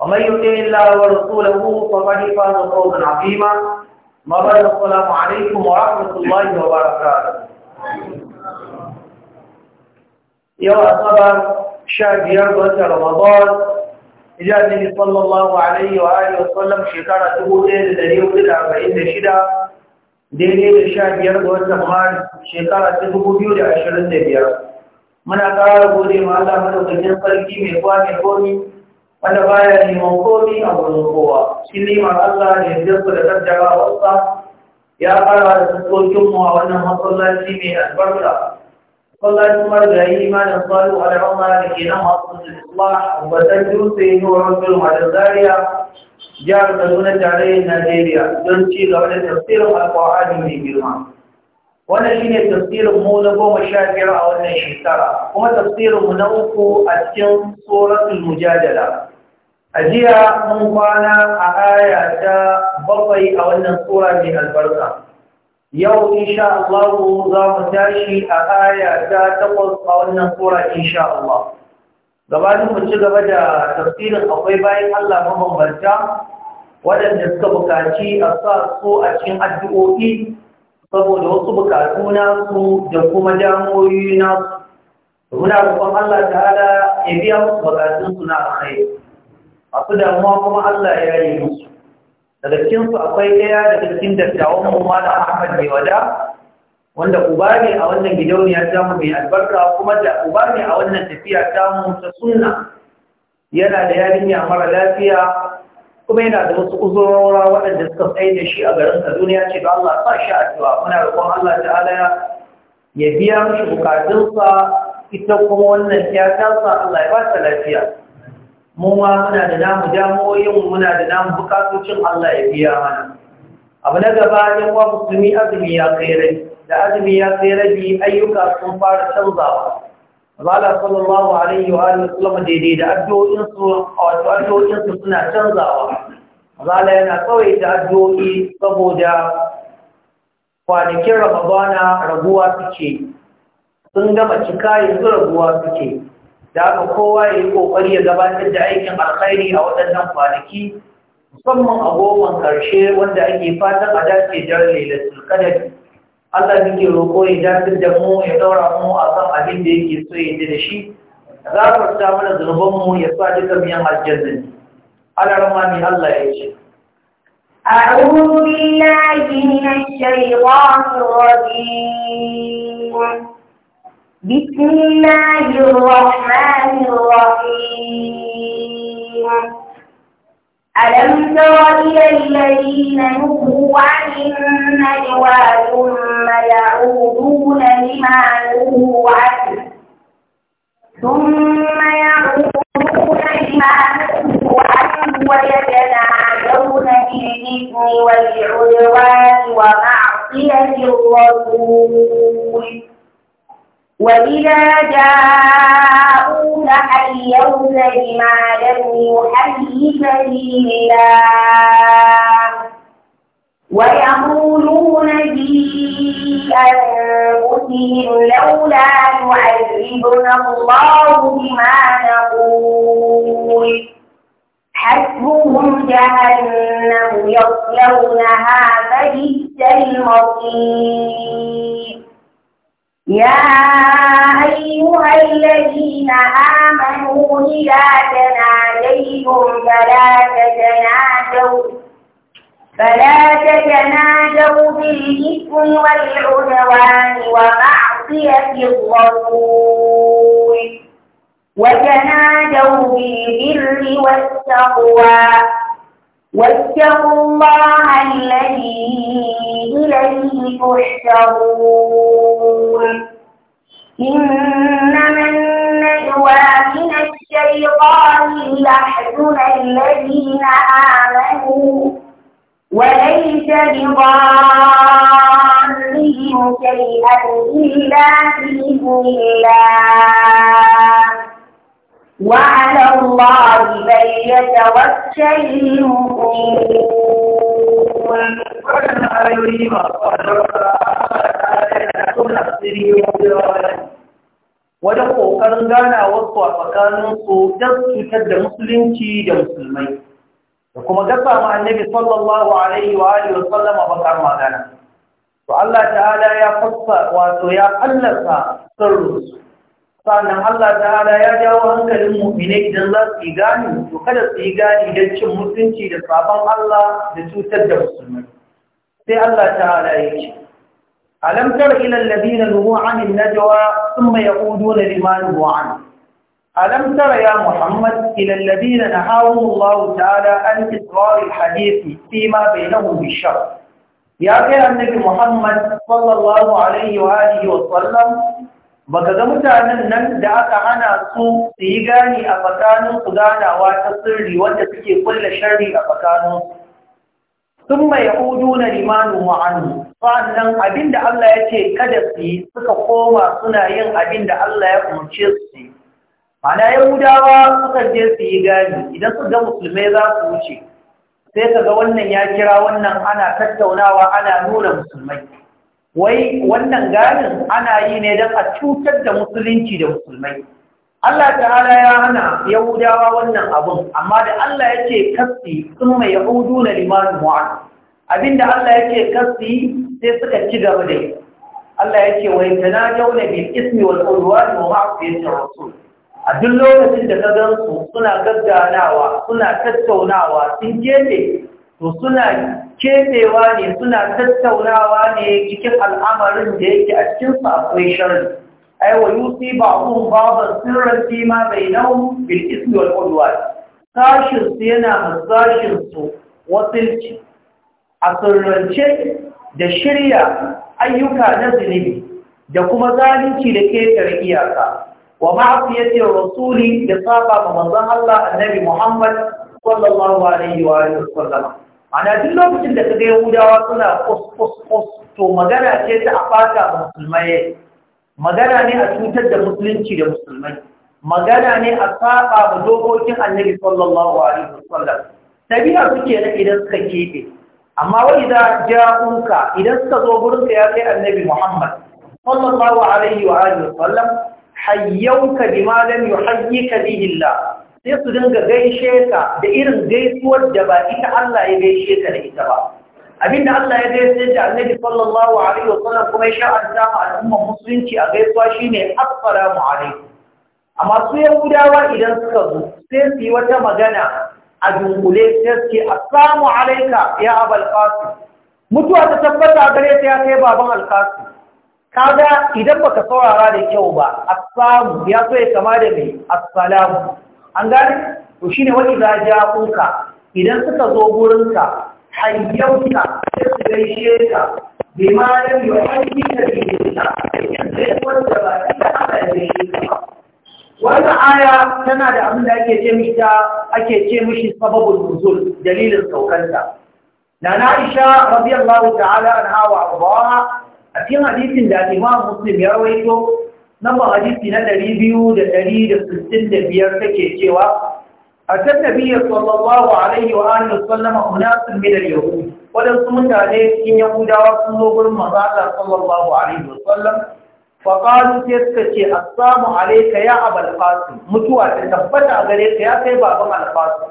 ومن يطع الله ورسوله فقد فاز فوزا عظيما ما بعد السلام عليكم ورحمه الله وبركاته يا اصحاب شهر بيار رمضان إجازة النبي صلى الله عليه وآله وسلم شكرا تبوتين لدريو كده أربعين شدة daidai da sha biyar ga watan maris shekara ta dubu biyu da ashirin da biyar muna ƙara gode ma wanda baya neman komi a wurin kowa shi neman Allah ne jinsu da daddara wasa ya fara da fuskokin a wannan masallaci mai albarka masallacin margayi imanin salu a rahama da ke nan masu islam batar dutse ne wa rafin madan zaria jihar kaduna tarayyar najeriya don ci gaba da tafsirin alƙawari mai girma wannan shi ne mu na goma sha biyar a wannan shekara kuma tafsirinmu na uku a cikin tsoratul mujadala a من قانا آية a أو أن الصورة من البركة يو إن شاء الله نظام تاشي آية تقص أو أن الصورة إن شاء الله gabanin mu ci gaba da tafsirin akwai bayan Allah mabambanta waɗanda suka bukaci a sa su a cikin addu'o'i saboda wasu bukatu nasu da kuma damoyi nasu muna roƙon Allah ta'ala ya biya musu bukatun su a alkhairi masu damuwa kuma Allah ya yi musu daga cikinsu akwai ɗaya daga cikin dattawan mu da Ahmad mai wada wanda uba ne a wannan gidauniya ta mu mai albarka kuma da uba ne a wannan tafiya ta mu ta sunna yana da yarinya mara lafiya kuma yana da wasu uzurora waɗanda suka tsaye da shi a garin Kaduna ya ce ga Allah sa shi addu'a muna roƙon Allah ta'ala ya biya mishi bukatunsa ita kuma wannan ya tasa Allah ya ba ta lafiya mun wa muna da namu mu muna da namu bukatocin Allah ya biya mana abu na gaba yan wa musulmi azumi ya tsere da azumi ya tsere rabi ayyuka sun fara canzawa Allah sallallahu alaihi wa alihi wasallam daidai da addu'o'in su wato addu'o'in su suna canzawa Allah yana kawai da addu'o'i saboda kwanakin Ramadana raguwa suke sun gama cika yanzu raguwa suke da kowa ya yi kokari ya gabatar da aikin alkhairi a waɗannan kwanaki musamman a goman ƙarshe wanda ake fatan a dace jar lailatul qadar Allah muke roƙo ya dafin da mu ya daura mu akan abin da yake so ya ji da shi gafarta mana zunuban mu ya sa duka miyan aljanna Allah rama ni Allah ya ce أعوذ بالله من الشيطان الرجيم بسم الله الرحمن الرحيم ألم تر إلى الذين نهوا عن النجوى ثم يعودون لما نهوا عنه ثم يعودون لما نهوا عنه ويتناجون بالإثم والعدوان ومعصية الرسول وإذا جاءوك حيوك بما لم يحيك به الله ويقولون في أنفسهم لولا يعذبنا الله بما نقول حسبهم جهنم يصلونها فبئس المصير يا أيها الذين آمنوا إذا تناجيتم فلا تتناجوا فلا تتناجوا بالإثم والعدوان ومعصية الرسول وتناجوا بالبر والتقوى واتقوا الله الذي تحشرون إنما النجوى من الشيطان ليحزن الذين آمنوا وليس بضارهم شيئا إلا بإذن الله وعلى الله فليتوكل المؤمنون waɗannan ayoyi masu albarka suna siriyo wajen ƙoƙarin ganawarsu a tsakaninsu don cutar da musulunci da musulmai da kuma gasa ma annabi sallallahu alaihi wa alihi wa sallama bakar magana to Allah ta'ala ya fassa wato ya fallasa sirrinsu sannan Allah ta'ala ya jawo hankalin mu'minai idan za su yi gani to kada su yi gani don cin mutunci da sabon Allah da cutar da musulmai sai Allah ta'ala ya ce alam tara ila alladhina nuhu 'anil najwa thumma yaquluna liman huwa 'an alam ya muhammad ila alladhina nahawu Allah ta'ala an israr alhadith fi ma bainahum ya kai annabi muhammad sallallahu alaihi wa alihi wa sallam Ba ka ga mutanen nan da aka hana su su yi gani a tsakanin su ganawa ta sirri wanda suke kulle sharri a su sun mai hudu na limanin wa'anu sa'annan da Allah ya ce kada su yi suka koma suna yin abin da Allah ya umarce su yi mana yahudawa suka je su yi gani idan su ga musulmai za su wuce sai ka ga wannan ya kira wannan ana tattaunawa ana nuna musulmai wai wannan ganin ana yi ne don a cutar da musulunci da musulmai Allah ta'ala ya hana yahudawa wannan abun amma da Allah ya ce kasti sun mai yahudu na limanin mu'ad abinda Allah yake kasti sai suka ci gaba da yi Allah ya ce wai tana jaune bil ismi wal udwan wa ma'siyatir a duk lokacin da ka gansu suna gagganawa suna tattaunawa sun gefe to suna kebewa ne suna tattaunawa ne cikin al'amarin da yake a cikin akwai sharri aiwa wa yusi ba'dhum ba'dhan sirran fi ma bainahum bil ismi wal udwan sashinsu yana masashin wasilci a sirrance da shirya ayyuka na zunubi da kuma zalunci da ketare iyaka wa ma'asiyatir rasuli da saba wa manzon Allah annabi Muhammad sallallahu alaihi wa ana duk lokacin da kaga yahudawa suna kos to magana ce ta a fata ga musulmai magana ne a cutar da musulunci da musulmai magana ne a saba ga dokokin annabi sallallahu alaihi wasallam tabi'a suke na idan suka kebe amma wai da ja'unka idan suka zo gurin ka ya kai annabi muhammad sallallahu alaihi wa alihi wasallam hayyauka bima lam yuhayyika bihi allah sai su dinga gaishe ka da irin gaisuwar da ba ita Allah ya gaishe ka da ita ba abinda Allah ya gaishe da Annabi sallallahu alaihi wasallam kuma ya sha'anta ma al'umma musulunci a gaisuwa shine assalamu alaikum amma su Yahudawa idan suka zo sai su yi wata magana a dunkule sai su ce assalamu alayka ya abul qasim mutuwa ta tabbata gare ta ya kai baban Ka kaga idan baka saurara da kyau ba assalamu ya so ya kama da mai assalamu an gane to shine wani da ja kuka idan suka zo gurinka hayyauka sai su gaishe ka bi ma yi wanda ba da gaishe ka Wani aya tana da abin da ake ce mishi ake ce mishi sababul nuzul dalilin saukanta nana Aisha radiyallahu ta'ala anha wa ardaha a cikin hadisin da Imam Muslim ya rawaito Nama hadisi na ɗari ɗari biyu da da da sittin 265 take cewa a can nabiya sallallahu alaihi wa annu sallama munasir min al-yahud wadan su mutane cikin yahudawa sun zo gurin manzo Allah sallallahu alaihi wa sallam fa sai suka ce a assamu alayka ya abul qasim mutuwa ta tabbata a gare ka ya kai baban al-qasim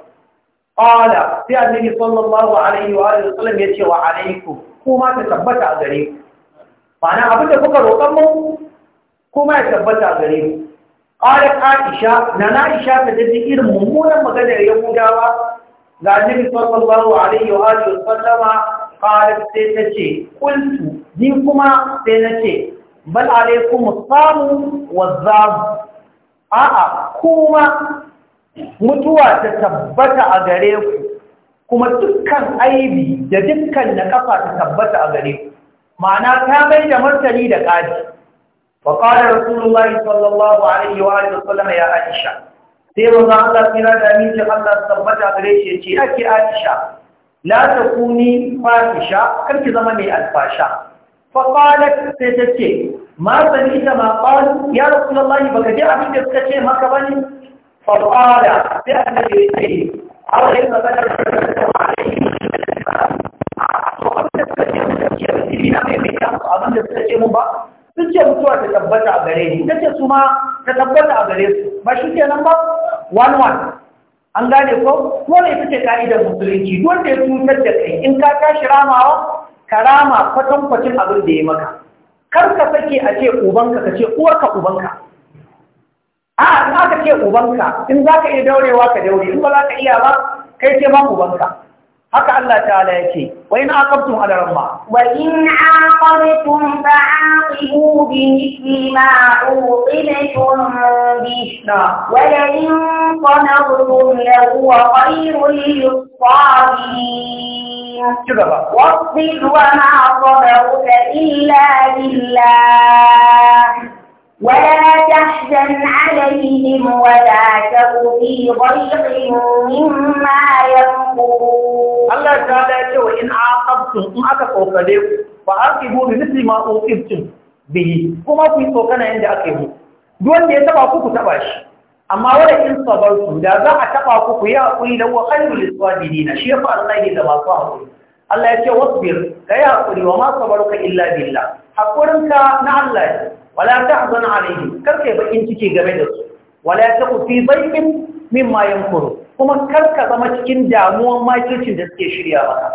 qala sai annabi sallallahu alaihi wa sallam ya ce wa alaikum kuma ta tabbata a gare ku ma'ana da kuka roƙan mu kuma ya tabbata gare mu qalat aisha na aisha ta jirgin irin mummunan maganar yahudawa ga annabi sallallahu alaihi wa alihi wa sallama qalat sai ta ce kuntu, ni kuma sai na ce bal alaikum samu wa zamu a'a kuma mutuwa ta tabbata a gare ku kuma dukkan aibi da dukkan na kafa ta tabbata a gare ku ma'ana ta mai da martani da ƙari فقال رسول الله صلى الله عليه وآله وسلم يا عائشة سيما الله كنا دامين الله سبت أغريش يتي أكي عائشة لا تكوني فاحشة كم زمني الفاحشة فقالت سيتكي ما سمعت ما قال يا رسول الله بكجي أبي تكتشي ما كبني فقال سيأتي يتي أو إن بدر abin da suka ce mun ba sun ce mutuwa ta tabbata a gare ni ta ce su ma ta tabbata a gare su ba shi ke nan ba one one an gane ko dole ita ce ka'idar musulunci don da ya cutar da kai in ka tashi ramawa ka rama kwatankwacin abin da ya maka kar ka sake a ce ubanka ka ce uwarka ubanka a in aka ce ubanka in za ka iya daurewa ka daure in ba za ka iya ba kai ce ma ubanka haka Allah ta'ala yake wa in aqabtum ala ramma wa in aqabtum fa'aqibu bi mithli ma uqibtum bi wa la in qanabtum la huwa khayrul lisabirin cigaba wasbir wa ma sabaruka illa billah ولا تحزن عليهم ولا تك في ضيق مما ينقلون الله تعالى يقول إن عاقبتم إن أتقوا فليكم فعاقبوا بمثل ما أوقبتم به كما في سوكنا عند أكيبه دون دي تبع ku تبع shi. amma wanda in su, da za a taba ku ku yi hakuri da wa khairul shi fa Allah ne da masu hakuri Allah ya ce wasbir kai hakuri wa ma sabaruka illa billah hakurinka na Allah ne wala ta hazana alaihi kar yi bakin ciki game da su wala taqu fi min mimma yankuru kuma kar ka zama cikin damuwan makircin da suke shirya maka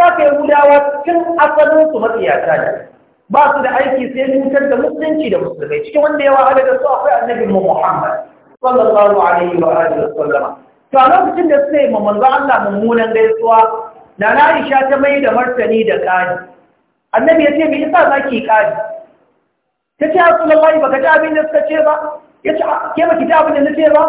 ta yi gudawa cikin asalin su matsiyata ne ba su da aiki sai cutar da musulunci da musulmai cikin wanda yawa hada da su akwai annabi Muhammad sallallahu alaihi wa alihi sallam to a lokacin da suka yi ma manzo Allah mummunan gaisuwa na Aisha ta mai da martani da kani annabi ya ce me yasa zaki kani ta ce rasulullahi baka ji abin da suka ce ba ya ce ke baki ji abin da nace ba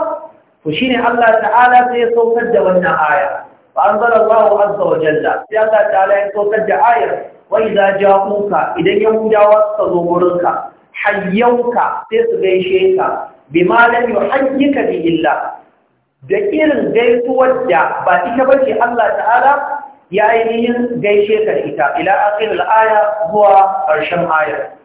to ne Allah ta'ala sai ya saukar da wannan aya Ba anzalallahu azza wa jalla sai Allah ta'ala ya saukar da ayar wa idza kuka idan yahudawa suka zo gurinka hayyauka sai su gaishe ka bima lam yuhayyika bi illa da irin gaisuwar da ba ita bace Allah ta'ala ya ainihin gaishe ka da ita ila akhir al-aya zuwa ƙarshen ayar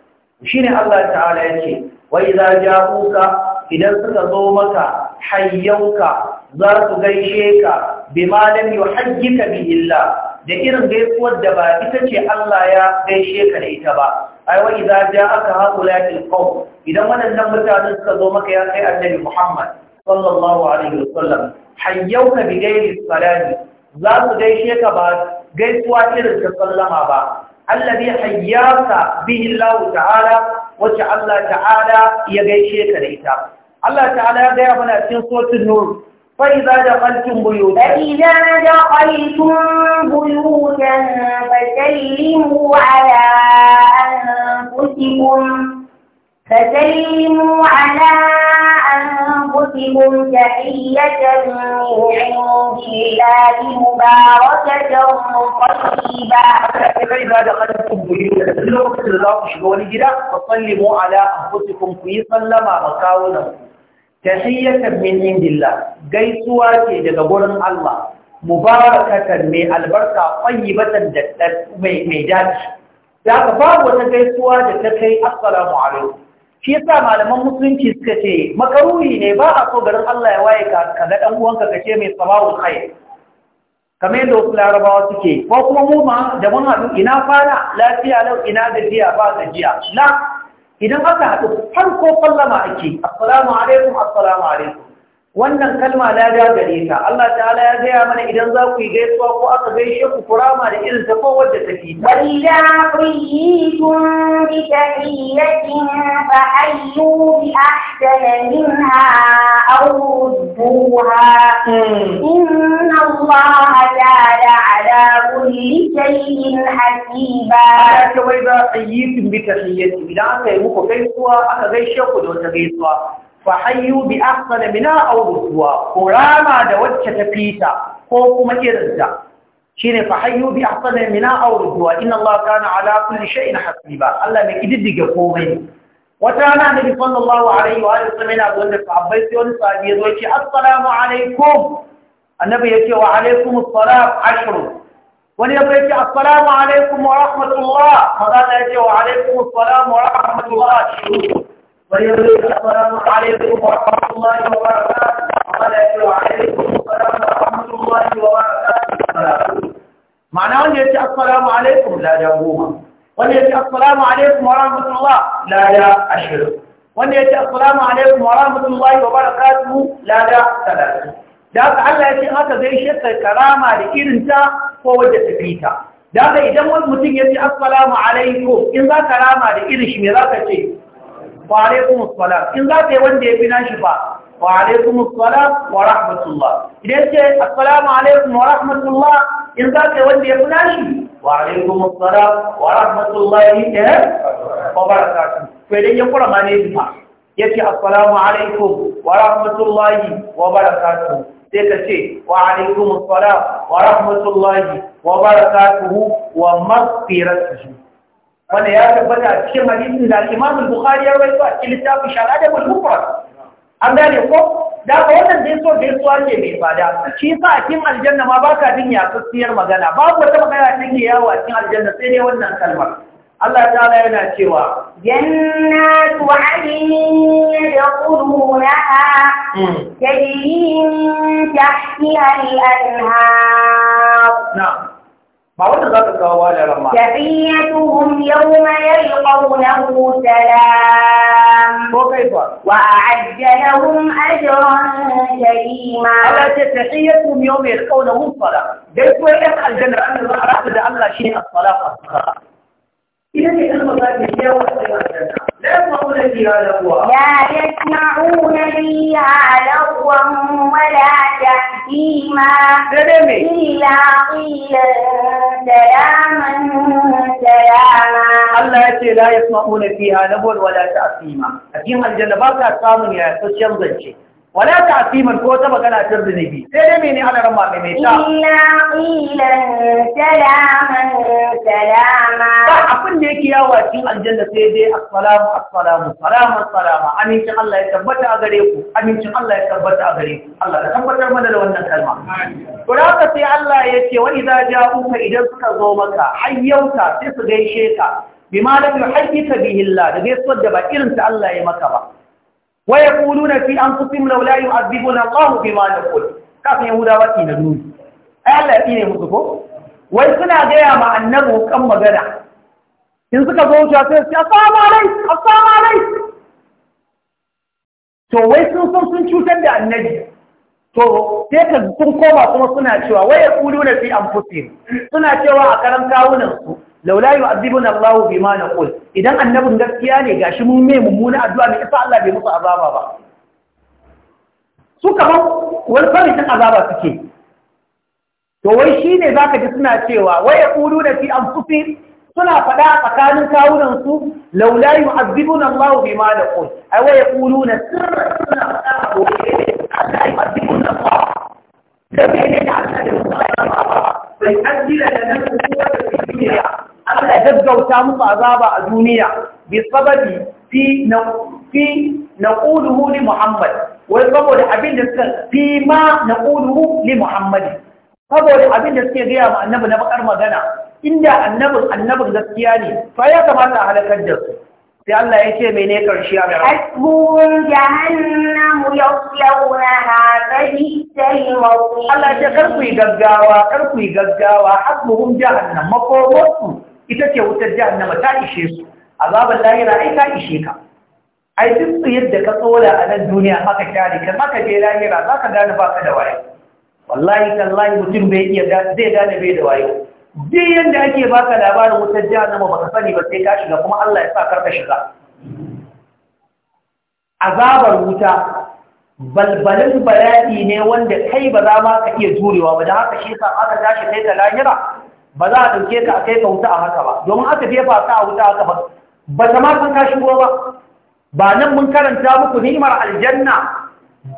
shine Allah ta'ala yake wa idza ja'uka idan suka zo maka hayyauka za su gaishe ka bima lam yuhajjika bi illa da irin gaisuwar da ba ita ce Allah ya gaishe ka da ita ba ai wa idza ja'aka haulatil qawm idan waɗannan mutanen suka zo maka ya kai annabi Muhammad sallallahu alaihi wasallam hayyauka bi ghairi salati za su gaishe ka ba gaisuwa irin ta sallama ba allazi hayyaka bihi Allah ta'ala wacce Allah ta'ala ya gaishe ka da ita Allah ta'ala ya gaya mana cikin suratul nur fa idza daqaltum buyutan da idza daqaltum buyutan fa sallimu ala anfusikum فسلموا على أنفسكم تحية من عند الله مباركة طيبة فإذا دخلتم بيوتا لو كنت لا تشبه لجدا فسلموا على أنفسكم في سلما مكاونا تحية من عند الله gaisuwa ce daga gurin Allah mubarakatan mai albarka tayyibatan da mai dace da ka babu wata gaisuwa da ta kai assalamu alaikum shi yasa malaman musulunci suka ce makaruhi ne ba a so garin Allah ya waye ka ka ga dan uwanka kace mai sabawul khair kamar yadda wasu larabawa suke ko kuma mu ma da mun haɗu ina fara lafiya lau ina gajiya ba gajiya na, idan aka haɗu farko fallama ake assalamu alaikum assalamu alaikum wannan kalma lada gare ta Allah ta'ala ya gaya mana idan za ku yi gaisuwa ko aka gaishe ku kurama da irin ta kowar da take walla qayyikum bi tahiyyatin fa hayyu bi ahsana minha aw rudduha hmm. inna Allah ta'ala ala kulli shay'in hasiba ta wai ba qayyikum bi tahiyyatin idan aka yi muku gaisuwa aka gaishe ku da wata gaisuwa fahayyu bi ahsana mina aw ruwa ko rama da wacce ta fita ko kuma irinta shine fahayyu bi ahsana mina aw ruwa inna Allah ta na ala kulli shay'in hasiba Allah mai kididdige komai wata rana annabi sallallahu alaihi wa sallam yana zuwa da sahabbai sai wani sahabi ya zo ya ce assalamu alaikum annabi ya ce wa alaikum Salam, Ashiru. wani ya ce assalamu alaikum wa rahmatullah maza ta ya ce wa alaikum assalam wa rahmatullah Ashiru. Ma'anawan ya ce, Assalamu alaikum, lada goma. Wanda ya ce, Assalamu alaikum, wara mutuwa, lada ashirin. Wanda ya ce, Assalamu alaikum, wara mutuwa, yi wa baraka su, lada talatin. Daga Allah ya ce, haka zai shekar karama da irinta ko wadda ta fi ta. Daga idan mutum ya ce, Assalamu alaikum, in za karama da irin shi, me za ka ce, fa alaikum assalam in za ka yi wanda ya fi nashi fa fa alaikum assalam wa rahmatullah idan ce assalamu alaikum wa rahmatullah in za ka yi wanda ya fi nashi wa alaikum assalam wa rahmatullahi eh, wa barakatuh to idan ya kura ma ne fa yace assalamu alaikum wa rahmatullahi wa barakatuh sai ka ce wa alaikum assalam wa rahmatullahi wa barakatuhu wa maghfiratuhu wanda ya tabbata a cikin hadisin da Imam bukhari ya rawaito a cikin littafin Sharh al-Mufrad an gane ko da ka wannan dai so dai so ake mai fada shi yasa a cikin aljanna ma baka jin yatsiyar magana babu wata magana take yawo a cikin aljanna sai dai wannan kalmar Allah ta'ala yana cewa jannatu adnin yadkhulunaha hmm. tajri min tahtiha al-anhar na'am ba wanda za ka kawo ba da ramma tahiyyatuhum yawma yalqawnahu salam ko kaifa wa a'adda lahum ajran karima Allah ce tahiyyatuhum yawma yalqawnahu a rabu da Allah لا يسمعون فيها لغوا ولا تحكيما إلا قيلا سلاما سلاما الله يقول لا يسمعون فيها لغوا ولا تحكيما أجيما الجنة باكا قاموا يا شمس ولا تعصيما كوتا ولا ترضني بي سلميني على رمى ميتا إلا قيلا سلاما سلاما فأقول لك يا واتي الجنة سيدي السلام السلام السلام السلام أمين شاء الله يتبت أغريكم أمين شاء الله يتبت أغريكم الله يتبت من لو أن الكلمة قرأت في الله يتي وإذا جاءوك إذا سكزومك حيوك تسغيشيك بما لم يحيك به الله لغير صدبا إرنت الله يمكبا wa yaquluna fi anfusihim law la yu'adhibuna Allah bima naqul kafin yahudawa ki na nuni ai Allah ya tsine musu ko wai suna gaya ma annabi kan magana in suka zo wuce sai su assalamu alaikum assalamu alaikum to wai sun san sun cutar da annabi to sai ka sun koma kuma suna cewa wai yaquluna fi anfusihim suna cewa a karan kawunan su laula yu'adhibuna ma bima naqul idan annabin gaskiya ne gashi mun mai mummuna addu'a ne isa Allah bai musu azaba ba su kaman wani farin azaba suke to wai shine ka ji suna cewa wai yaquluna fi sufi? suna faɗa a tsakanin kawunan su laula yu'adhibuna Allahu Allah yu'adhibuna Allah da bai ne da Allah da da nan kuwa da duniya Allah gaggauta musu azaba a duniya bi sababi fi na fi naquluhu li Muhammad wai saboda abin da suka fi ma naquluhu li Muhammad saboda abin da suke gaya ma annabi na bakar magana inda annabin annabin gaskiya ne fa ya kamata a halakar da su sai Allah ya ce mene karshe a gara asbun jahannamu yaslawnaha fabisal mawqi Allah ya karku gaggawa karku gaggawa asbun jahannam makomosu ita ce wutar jahannama ta ishe su azabar lahira ai ta ishe ka ai duk tsayar da ka tsola a nan duniya maka kyale kan maka je lahira za ka gane ba ka da wayo wallahi tallahi mutum bai iya zai gane bai da waye. duk yadda ake baka labarin wutar jahannama baka sani ba sai ka shiga kuma Allah ya sa karka shiga azabar wuta balbalin bala'i ne wanda kai ba za ma ka iya jurewa ba da haka shi sa aka tashi kai ta lahira ba za a ɗauke ka a kai ka wuta a haka ba domin aka jefa ka a wuta haka ba ba ta ma sun ka shigo ba ba nan mun karanta muku ni'imar aljanna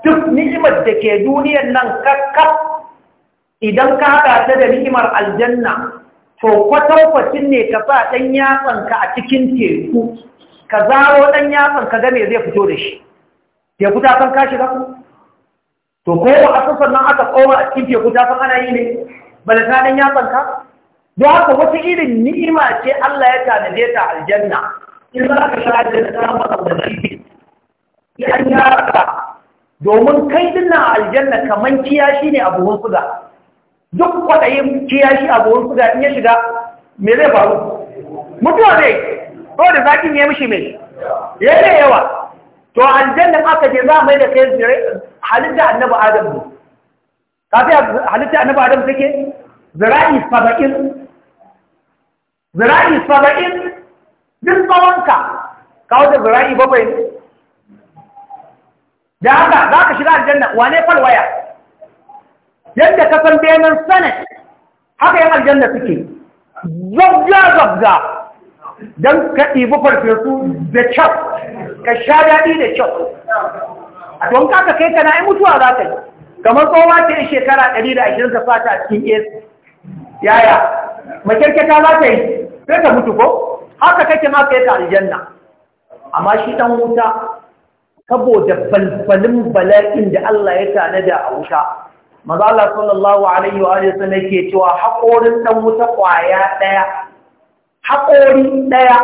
duk ni'imar da ke duniyar nan kakka. idan ka haɗa ta da ni'imar aljanna to kwatankwacin ne ka sa ɗan ka a cikin teku ka zaro ɗan ka game zai fito da shi teku ta san ka shiga to ko a sassan nan aka tsoma a cikin teku ta san ana yi ne ba da ta ɗan ka? da haka wata irin ni'ima ce Allah ya tanaje ta aljanna in za ka sha da samu abubuwa ya an yara domin kai dinna aljanna kaman kiyashi ne abubuwan suga duk kwaɗayin kiyashi abubuwan suga in ya shiga me zai faru mutuwa zai ko da zaƙin ya mishi mai yi yawa to aljanna aka je za mai da kai halitta annabi adam ne kafin halitta annabi adam take zira'i saba'in zira'i saba'in duk tsawonka ka da zira'i bakwai ne da haka za ka shiga aljanna wane falwaya yadda ka san benin senate haka yin aljanna suke zabza-zabza don ka ɗibi farfesu da kyau ka sha daɗi da kyau a don kaka kai ka yi mutuwa za ka yi kamar ta yi shekara 120 ka fata a cikin yaya makirkita za ta yi sai ka mutu ko haka kake ma kai ka aljanna amma shi ɗan wuta saboda balbalin bala'in da Allah ya tanada a wuta maza Allah sallallahu alaihi wa alihi sun yake cewa haƙorin dan wuta kwaya daya haƙori daya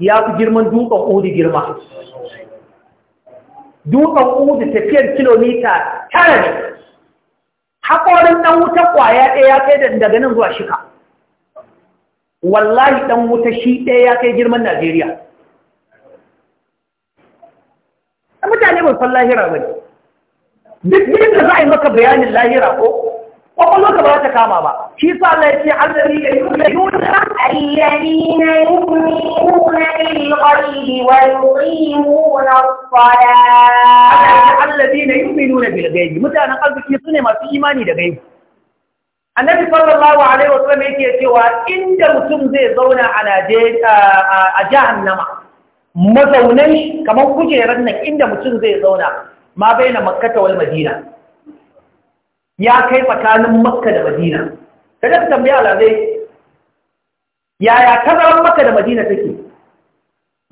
ya fi girman dutsen udi girma dutsen udi tafiyar kilomita tara ne haƙorin dan wuta kwaya ɗaya ya kai daga nan zuwa shika wallahi ɗan wuta shi ɗaya ya kai girman Najeriya mutane ba san lahira ba ne. duk gidan da za a yi maka bayanin lahira ko kwakwalwa ka ba ta kama ba shi sa Allah ya ce allari na yi kuma yuna alladina yu'minuna bil ghaibi wa yuqimuna as-salat allazina yu'minuna bil ghaibi mutanen arziki ne masu imani da gaibi annabi sallallahu alaihi wasallam yake cewa inda mutum zai zauna a a jahannama mazaunan shi kamar kujerar nan inda mutum zai zauna ma baina makkata wal madina ya kai tsakanin makka da madina kada ka tambaya lazai yaya tazaran makka da madina take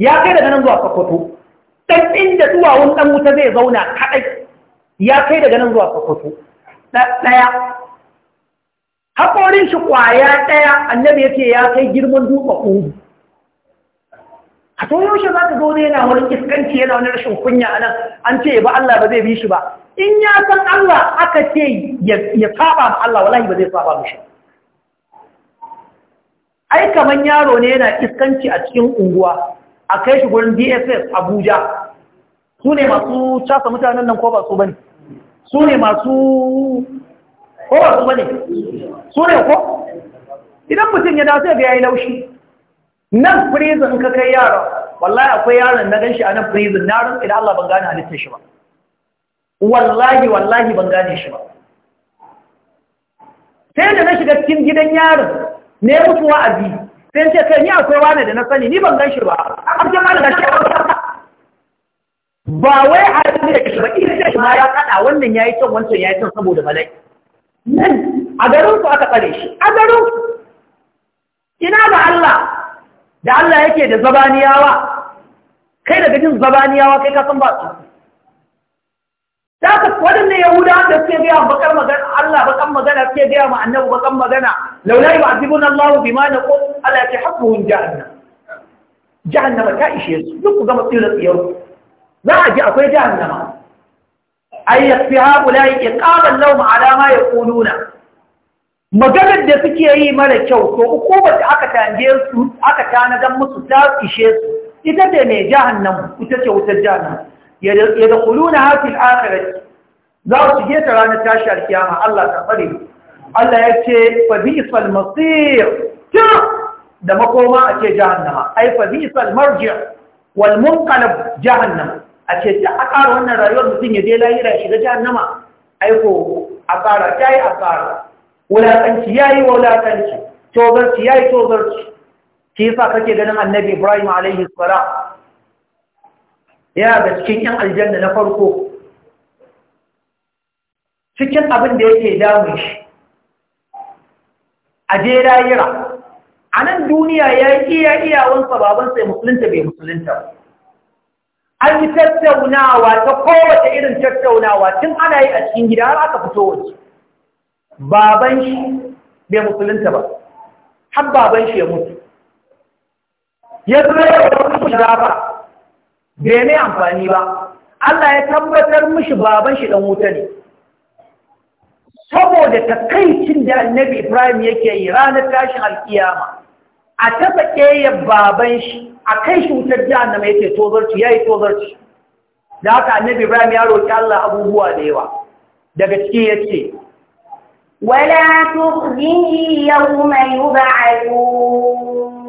ya kai daga nan zuwa sokoto dan inda duwawun dan wuta zai zauna kadai ya kai daga nan zuwa sokoto daya kaurin shi kwaya ɗaya annabi ya ce ya kai girman duka udu a to yaushe za ka zaune yana wani iskanci yana wani rashin kunya a nan an ce ba Allah ba zai bi shi ba in ya san Allah aka ce ya saba ma Allah wallahi ba zai saba mishi ai kamar yaro ne yana iskanci a cikin unguwa a kai shi gurin DSS Abuja su ne masu casa mutanen nan ko ba su bane su ne masu ko ba su bane su ne ko idan mutum ya dace ga yayi laushi nan prison ka kai yaro wallahi akwai yaron na ganshi a nan prison na ran idan Allah ban gane halittar shi ba wallahi wallahi ban gane shi ba sai da na shiga cikin gidan yaron ne a biyu, sai ce kai ni akwai wani da na sani ni ban ganshi ba amma jama'a mana gashi ba wai a cikin da shi ba ina shi ma ya kada wannan yi can wancan yayi can saboda bala'i nan a garinsu aka tsare shi a garinsu ina ga Allah da Allah yake da zabaniyawa kai daga jin zabaniyawa kai kasan ba su da ka waɗannan yahuda da suke gaya bakar magana Allah bakan magana suke gaya ma annabi bakan magana laula yu'adhibuna Allahu bima naqul ala tahbuhum jahannam jahannama ta ishe su duk ku gama tsira tsiyar za a ji akwai jahannama ai yakfi haula'i iqaban lahum ala ma yaquluna maganar da suke yi mara kyau to hukumar da aka tanje su aka tanadan musu ta ishe su ita ce mai jahannam ita ce wutar jahannam ya da kuluna hafil akhirat za su shige ta ranar tashi alkiyama Allah ta fare Allah ya ce fa bi isal masir da makoma a ce jahannama ai fa bi isal marji' wal munqalab jahannam a ce ta a ƙara wannan rayuwar mutum ya je lahira shiga jahannama aiko a ƙara ta yi a ƙara wulaƙanci ya yi wulaƙanci tobarci ya yi tobarci ke yasa kake ganin annabi ibrahim alaihi tsara yana da cikin yan aljanna na farko cikin abin da yake damun shi a je lahira a nan duniya ya yi iya iyawansa babansa ya musulunta bai musulunta ba an yi tattaunawa ta kowace irin tattaunawa tun ana yi a cikin gida har aka fito waje baban shi bai musulunta ba har baban shi ya mutu ya zo ya wani bai mai amfani ba Allah ya tabbatar mishi baban shi dan wuta ne saboda takaicin da annabi Ibrahim yake yi ranar tashin alkiyama a tafa ƙeyar baban shi a kai shi wutar jihannama yake tozarci ya yi tozarci da haka annabi ibrahim ya roƙi allah abubuwa da yawa daga ciki ya ce wala tukhzini yawma yub'athun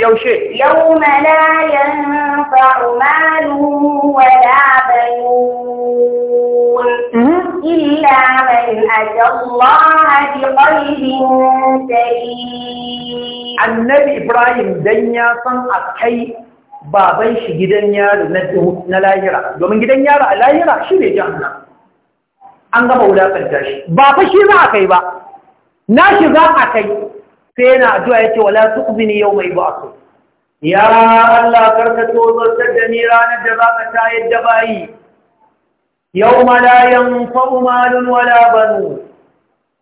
yaushe yawma la yanfa'u malun wala banun illa man ata Allah bi qalbin salim annabi ibrahim dan ya san akai baban shi gidan yaro na lahira domin gidan yaro a lahira shi ne jahannam an gama wulakanta shi ba fa shi za a kai ba na shi za a kai sai yana addu'a yace wala mai ba su. ya Allah karkato tozartar da ni ranar da za ka tayar da bayi yawma la yanfa'u wala banu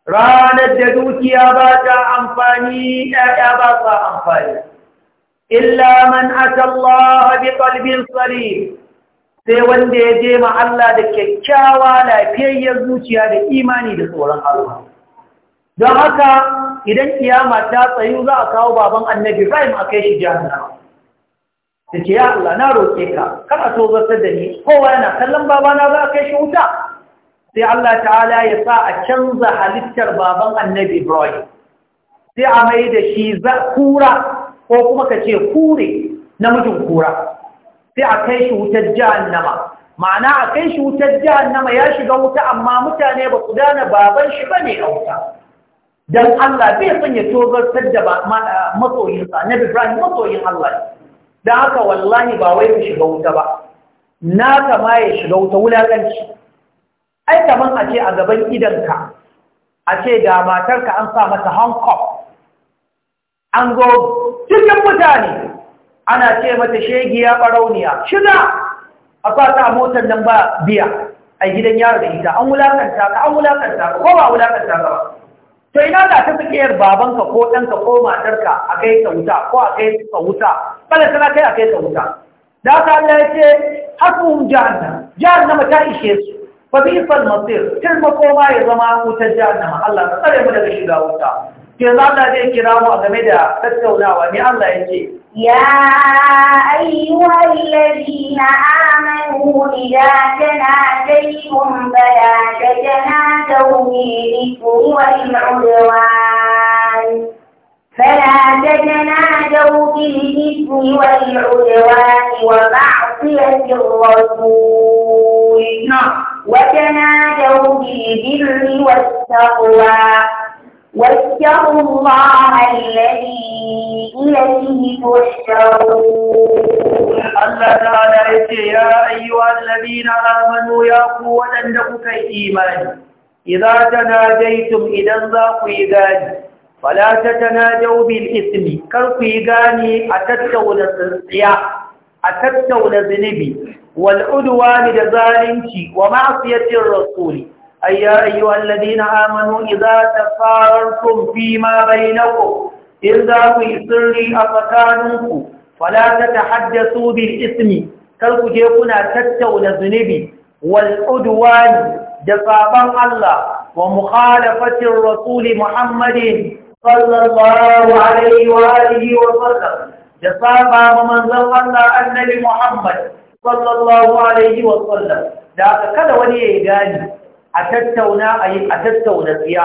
ranar da dukiya ba ta amfani ɗaya ba sa amfani illa man atallaha bi qalbin tsari. sai wanda ya je ma Allah da kyakkyawa lafiyayyar zuciya da imani da tsoron Allah don haka idan kiyama ta tsayu za a kawo baban annabi Ibrahim a kai shi jahannama ta ce ya Allah na roƙe ka kana so zartar da ni kowa yana kallon babana za a kai shi wuta sai Allah ta'ala ya sa a canza halittar baban annabi Ibrahim sai a mai da shi kura ko kuma ka ce kure namijin kura sai a kai shi wutar jahannama ma'ana a kai shi wutar jahannama ya shiga wuta amma mutane ba su gane baban shi bane a wuta dan Allah bai son ya tozartar da eh, masoyinsa na Ibrahim masoyin Allah ne. dan haka wallahi ba wai mu shiga wuta ba na kama ya shiga wuta wulakanci ai kaman a ce a gaban idanka a ce ga matarka an sa mata Kong. an go cikin mutane ana ce mata shegiya barauniya shiga a sa motar nan ba biya a gidan yaro da ita an wulakanta ka an wulakanta ka ko ba wulakanta ba Sai na da ta tsakiyar babanka ko ɗanka ko matarka a kai ka wuta ko a kai ka wuta ta na kai a kai ka wuta da aka Allah ya ce hasbuhum jahannam jahannama ta ishe su fa bi masir tun makoma ya zama wutar jahannama Allah ka tsare mu daga shiga wuta yanzu Allah zai kira mu game da tattaunawa ne Allah ya ce ya ayyuhal ladina amanu idza tanajaytum fala tajnatu bi udwan فلا تتنادوا بالإثم والعدوان ومعصية الرسول وتنادوا بالبر والتقوى واتقوا الله الذي إليه تحشرون الله تعالى يا أيها الذين آمنوا يا قوة لك إيمان إذا تناجيتم إذا ذاقوا إذاني فلا تتناجوا بالإثم كالقيغاني أتتون الصياح أتتون الذنبي والعدوان لظالمتي ومعصية الرسول أي يا أيها الذين آمنوا إذا تصاررتم فيما بينكم إذا في سري أفكانكم فلا تتحدثوا بالإثم كالكو جيكونا تتون الذنبي والعدوان دفابا الله ومخالفة الرسول محمد صلى الله عليه وآله وسلم دفابا ومن ذلنا النبي محمد صلى الله عليه وسلم ذاك كذا وليه قال a tattauna a yi a tattauna tsiya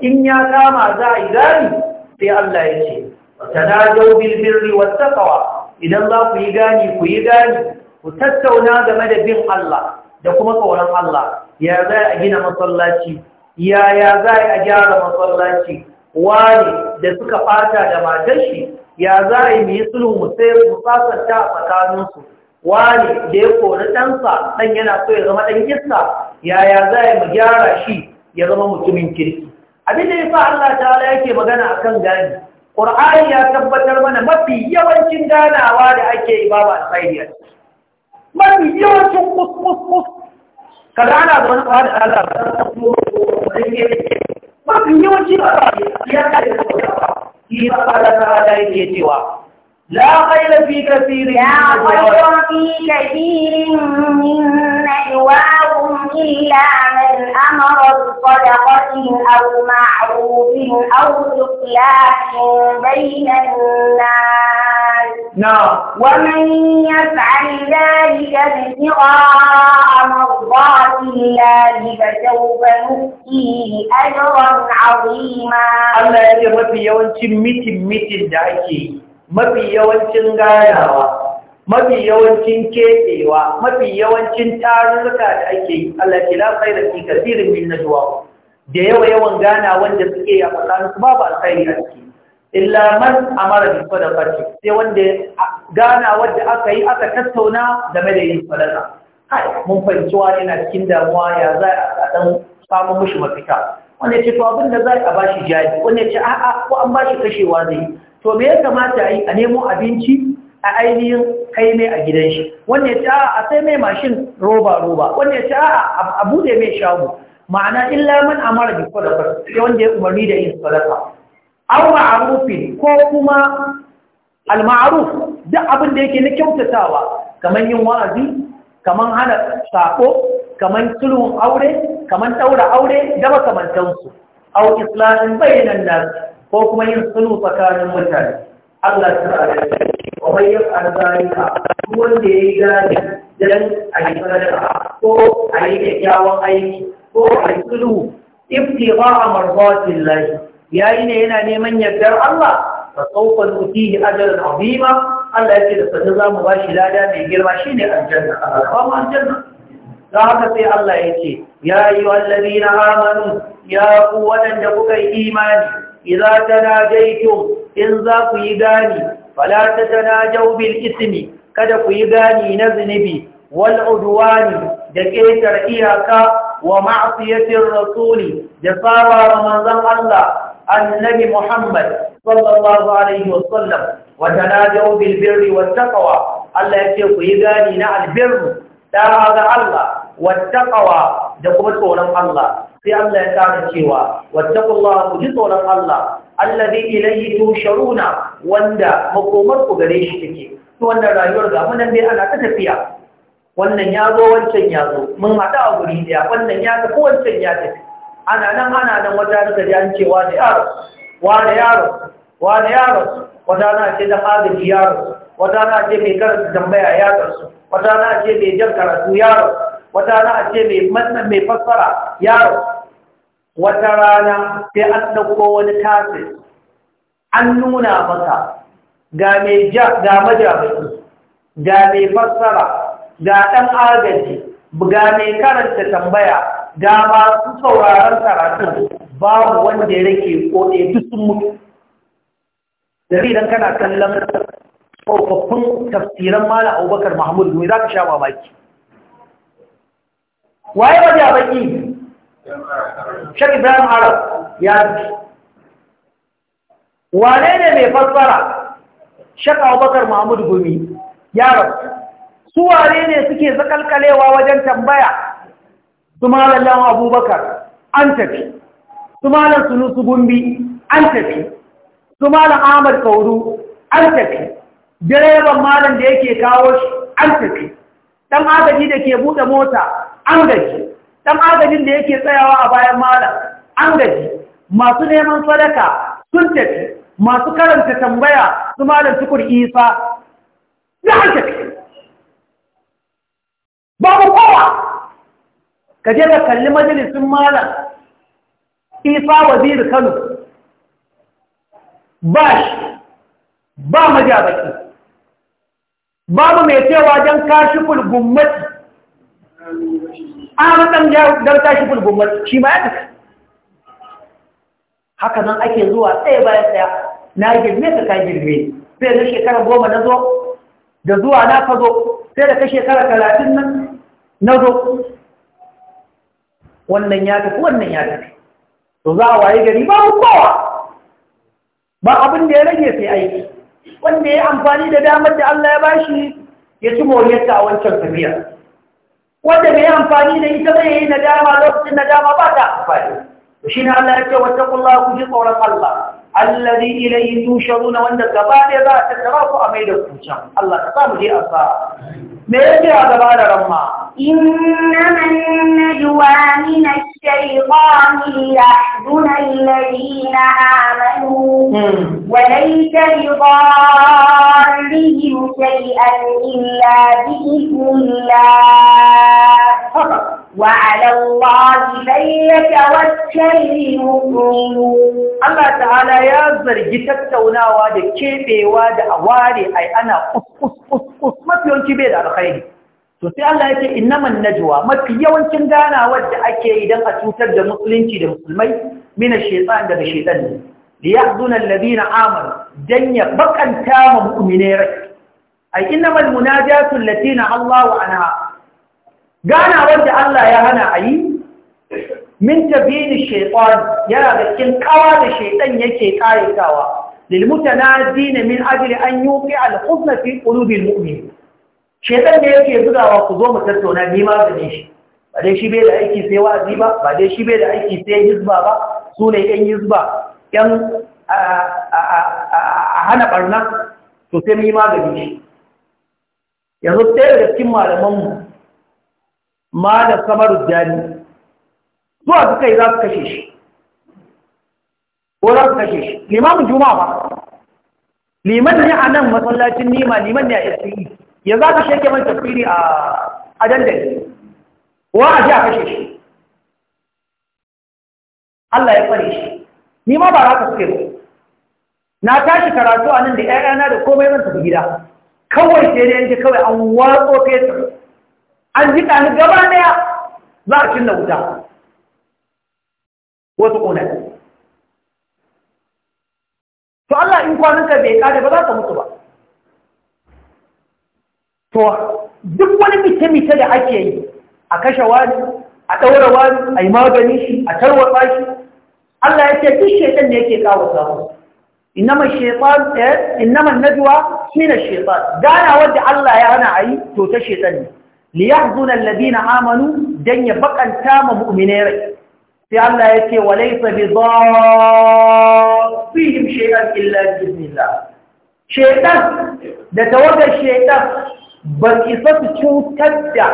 in ya kama za a yi gari sai Allah ya ce tanajau bil birri wat taqwa idan za ku yi gani ku yi gani ku tattauna game da bin Allah da kuma tsoron Allah ya za a gina masallaci yaya za a gyara masallaci wani da suka fata da matar shi ya za a yi mu sulhu mu sasanta a tsakaninsu wani da ya kori ɗansa ɗan yana so ya zama ɗan kista yaya za mu gyara shi ya zama mutumin kirki abin da ya sa Allah ta'ala yake magana a kan gani ƙur'ani ya tabbatar mana mafi yawancin ganawa da ake yi babu alfairiyar mafi yawancin kuskus kaga ana zama ba da Allah mafi yawanci ba ya ta yi ba da ta da yake cewa لا خير في كثير لا خير في كثير من نجواهم إلا من أمر بصدقة أو معروف أو إصلاح بين الناس نعم ومن يفعل ذلك ابتغاء مرضات الله فسوف نؤتيه أجرا عظيما الله يجب في يوم تمت مت دعيه mafi yawancin gayawa, mafi yawancin keɓewa mafi yawancin tarurruka da ake yi allaki lafai da kasirin min na da yawa yawan gana wanda suke ya a su su babu alkhairi a ciki illa man amara bi sadaqati sai wanda gana wanda aka yi aka tattauna game da yin sadaqa kai mun fahimci wani ina cikin damuwa ya za a dan samu mushi mafita wanda ya ce to abin da za a bashi jari wanda ya ce a'a ko an bashi kashewa zai to me ya kamata a yi a nemo abinci a ainihin kai mai a gidan shi wanda ya ce a sai mai mashin roba roba wanda ya ce a bude mai shago ma'ana illa man amara bi sadaqa sai wanda ya umarni da yin sadaqa aw ma'rufin ko kuma al-ma'ruf duk abin da yake na kyautatawa kamar yin wa'azi kamar hana sako kamar sulhun aure kamar daura aure da makamantansu aw islahin bainan nas ko kuma yin sulhu tsakanin mutane Allah ta ala wa man yaf'al zalika wanda yayi gani dan yi sadaka ko yi kyakkyawan aiki ko yi sulhu ibtigha'a mardatillah yayi ne yana neman yardar Allah fa sawfa nutihi ajran azima Allah yake da sanin za mu bashi lada mai girma shine aljanna ba aljanna da haka sai Allah yake ya ayyuhallazina amanu ya ku wadanda kuka yi imani idza tanajaytum in za ku yi gani fala tatanajaw bil ismi kada ku yi gani na zunubi wal udwani da ƙetar iyaka wa ma'asiyatin rasuli da saba manzan Allah annabi Muhammad sallallahu alaihi wasallam wa tanajaw bil birri wat taqwa Allah yake ku yi gani na albirru da ga Allah wat taqwa da kuma tsoron Allah sai Allah ya tsara cewa Allah ku ji tsoron Allah allazi ilayhi tusharuna wanda makomar ku gare shi take to wannan rayuwar ga mun dai ana ta tafiya wannan ya zo wancan ya zo mun hada a guri daya wannan ya tafi wancan ya tafi ana nan ana nan wata da ji an cewa da yaro wa da yaro wa da yaro wata na ce da agaji yaro wata na ce mai karanta tambaya karsu wata na ce mai jan karatu yaro wata rana a ce mai fassara yaro wata rana sai an ɗauko wani tasir an nuna maka ga mai ga majami'i ga mai fassara ga ɗan agaji ga mai karanta tambaya ga masu sauraron karatu babu wanda ya rage ko ɗaya duk sun mutu da idan kana kallon tsofaffin tafsiran mala abubakar mahmud mai za ka sha mamaki waye ba da baki shek ibrahim arab ya ji wane ne mai fassara shek abubakar mahmud gumi ya rabu su wane ne suke zakalkalewa wajen tambaya su malallan abubakar an tafi su malan sunusu gumbi an tafi su malan ahmad kauru an tafi direban malan da yake kawo shi an tafi dan agaji da ke buɗe mota an gaji ɗan agajin da yake tsayawa a bayan malam an gaji masu neman sadaka sun tafi masu karanta tambaya su malam tukur isa ya an tafi babu kowa ka je ka kalli majalisun malam isa waziri kano ba shi ba majabaki babu mai cewa don kashi fulgummati Ahmad dan dan tashi bulbumar shi ma ya tafi haka nan ake zuwa tsaye bayan tsaya na girme ka ka girme sai da shekara goma na zo da zuwa na ka zo sai da ka shekara talatin nan na zo wannan ya tafi wannan ya tafi to za a waye gari ba kowa ba abin da ya rage sai aiki wanda ya amfani da damar da Allah ya bashi ya ci ta a wancan tafiya wanda yi amfani da ita zai yi nadama lokacin nadama ba ta amfani shi ne Allah ya ce wattaqullaha ku ji tsoron Allah alladhi ilayhi tusharuna wanda gaba ne za ta tara ku a mai da ku Allah ta samu je a sa me yake a gaba da ramma إنما النجوى من الشيطان ليحزن الذين آمنوا وليس بضارهم شيئا إلا بإذن الله وعلى الله فليتوكل المؤمنون الله تعالى يا zargi tattaunawa da kebewa da aware ai ana kus kus kus mafi yanki bai da alkhairi to sai Allah ya ce innaman najwa mafi yawancin ganawar da ake yi don a cutar da musulunci da musulmai mina shaitan daga shaitan ne liyahzuna alladhina amanu dan bakanta ma mu'mine rai ai innamal munajatu allatina Allahu anha ganawar da Allah ya hana ayi min tabini shaitan yana da cikin kawa da shaitan yake kayatawa lil mutanazina min ajli an yuqi al husna fi qulubi al shekar da yake zugawa ku zo mu tattauna ni maganin shi ba dai shi bai da aiki sai wa'azi ba ba dai shi bai da aiki sai hizba ba su ne yan hizba yan a hana barna to sai mu yi magani shi yanzu sai da cikin malamanmu ma da samar jani zuwa suka yi za su kashe shi ko za su kashe shi limamin juma ba liman ne a nan masallacin nima liman ne a yasiri za ka sheke mai tafiri a a dandali wa a ji a kashe shi Allah ya fari shi ni ma ba za ka suke ba na tashi karatu a nan da ‘ya'yana da komai zan tafi gida kawai sai da yanke kawai an watso fetur an ji ni gaba daya za a cinna wuta wasu ƙunan to Allah in ka bai kada ba za ka mutu ba to duk wani mice-mice da ake yi a kashe wani a ɗaura wani a yi magani shi a tarwatsa shi Allah ya ce duk shaitan ne yake kawo samu innama shaitan eh innama najwa shine shaitan gana wanda Allah ya hana yi, to ta shaitan ne liyahzuna alladhina amanu don ya bakanta ma mu'minai rai sai Allah ya ce walaysa bi dhaffihim shay'an illa bi idhnillah shaitan da tawagar shaitan ba isa su cutar da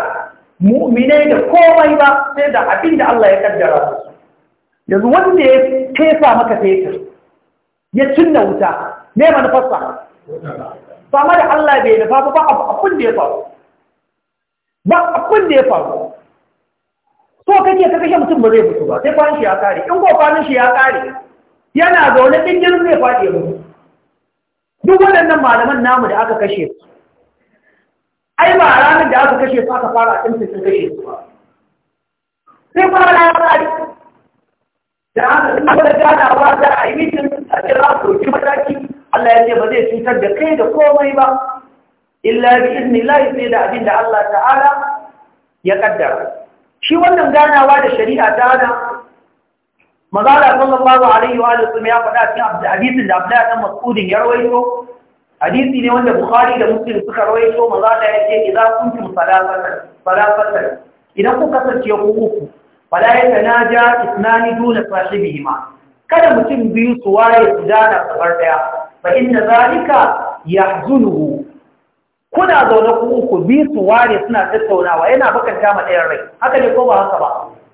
mu'minai da komai ba sai da abin da Allah ya kaddara su yanzu wanda ya fesa maka fetur ya cinna wuta ne manufarsa fama da Allah bai nufa ba abin da ya faru ba abin da ya faru so kake ka kashe mutum ba zai mutu ba sai kwanin shi ya kare in ko kwanin shi ya kare yana zaune ɗin jirgin zai faɗi ya mutu duk waɗannan malaman namu da aka kashe su ai ba ranar da aka kashe su aka fara a cikin sun kashe su ba sai fara na tsari da aka kuma da ba da a yi mitin a kira su ki mataki Allah ya ce ba zai cutar da kai da komai ba illa bi iznillahi sai da abin da Allah ta'ala ya kaddara shi wannan ganawa da shari'a ta hana mazala sallallahu alaihi wa sallam ya faɗa cikin hadisin da Abdullahi dan Mas'udin ya rawaito hadisi ne wanda bukhari da muslim suka rawaito maza ta yace idza kuntum salafatan salafatan idan ku kasance ku uku fala yatanaja isnani duna sahibihima kada mutum biyu su waye su dana sabar daya fa inna zalika yahzunuhu kuna zaune ku uku biyu su ware suna tattaunawa yana bakanta ma ɗayan rai haka ne ko ba haka ba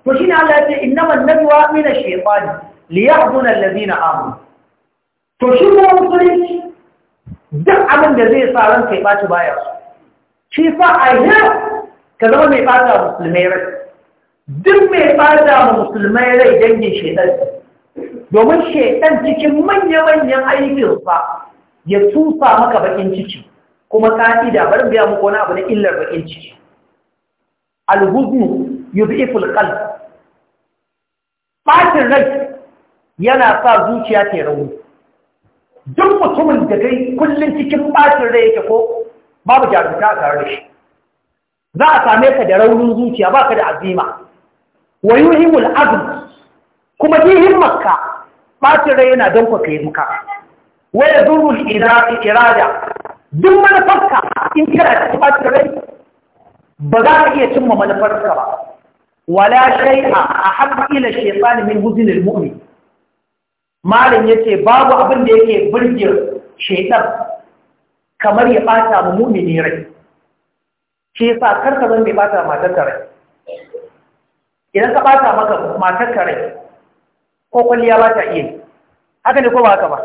to shine Allah ya ce innamal najwa min ash-shaytan liyahzuna allazina amanu to shi ko musulunci duk abin da zai sa ran kai baci baya su shi fa a yau ka zama mai bata musulmai rai duk mai bata musulmai rai dangin shaidan domin shaidan cikin manya-manyan aikinsa ya tusa maka bakin ciki kuma ka'ida bari biya muku wani abu na illar bakin ciki alhuznu yuzi qalb bacin rai yana sa zuciya ta rauni duk mutumin da kai kullum cikin ɓacin rai yake ko babu jarumta a tare da shi za a same ka da raunin zuciya ba ka da azima wa yuhimul azm kuma ji himmarka ɓacin rai yana don ka yi muka wa ya zuru irada duk manufarka in kana da ɓacin rai ba za ka iya cimma manufarka ba wala a ahabba ila shaytan min huznil mu'min malin ya ce babu abin da yake birge shaitan kamar ya ɓata mu mumini rai shi sa karka zan bai ɓata matarka rai idan ka ɓata maka matarka rai ko kwalliya ba ta iya haka ne ko ba haka ba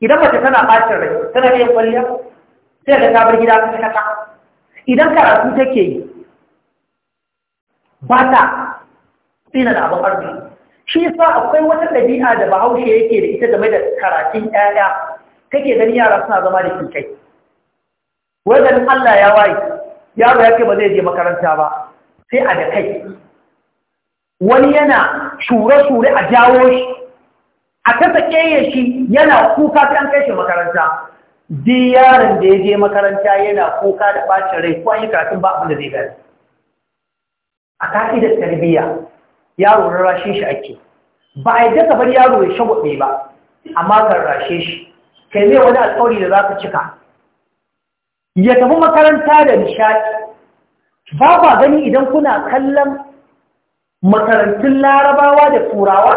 idan mace tana bata rai tana iya kwalliya sai da ta bar gida ta kaka idan karatu take yi ba ta tsina da abin arziki shi yasa akwai wata ɗabi'a da bahaushe yake da ita game da karatun ƴaƴa kake ganin yara suna zama da kinkai wajen Allah ya waye yaro ya ce ba zai je makaranta ba sai a da kai wani yana shure-shure a jawo shi a kasa keye shi yana kuka kan kai shi makaranta di yaron da ya je makaranta yana kuka da ɓacin rai ko an yi karatun ba abin da zai gani a ka'idar tarbiyya yaro rashe shi ake ba a yi dasa bar yaro ya shagwabe ba amma ka rashe shi kai ne wani alƙawari da za ka cika ya tafi makaranta da nishaɗi ba ba gani idan kuna kallon makarantun larabawa da turawa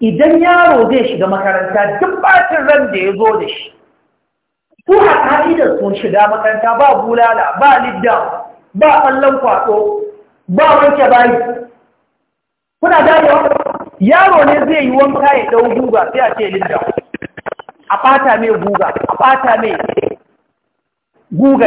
idan yaro zai shiga makaranta duk bacin ran da ya zo da shi ko a ka'idar sun shiga makaranta ba bulala ba lidda ba ƙwallon kwaso ba wanke bayi kuna dawo? yaro ne zai yi wanka ya dau guga sai a ce linda a fata mai guga a fata mai guga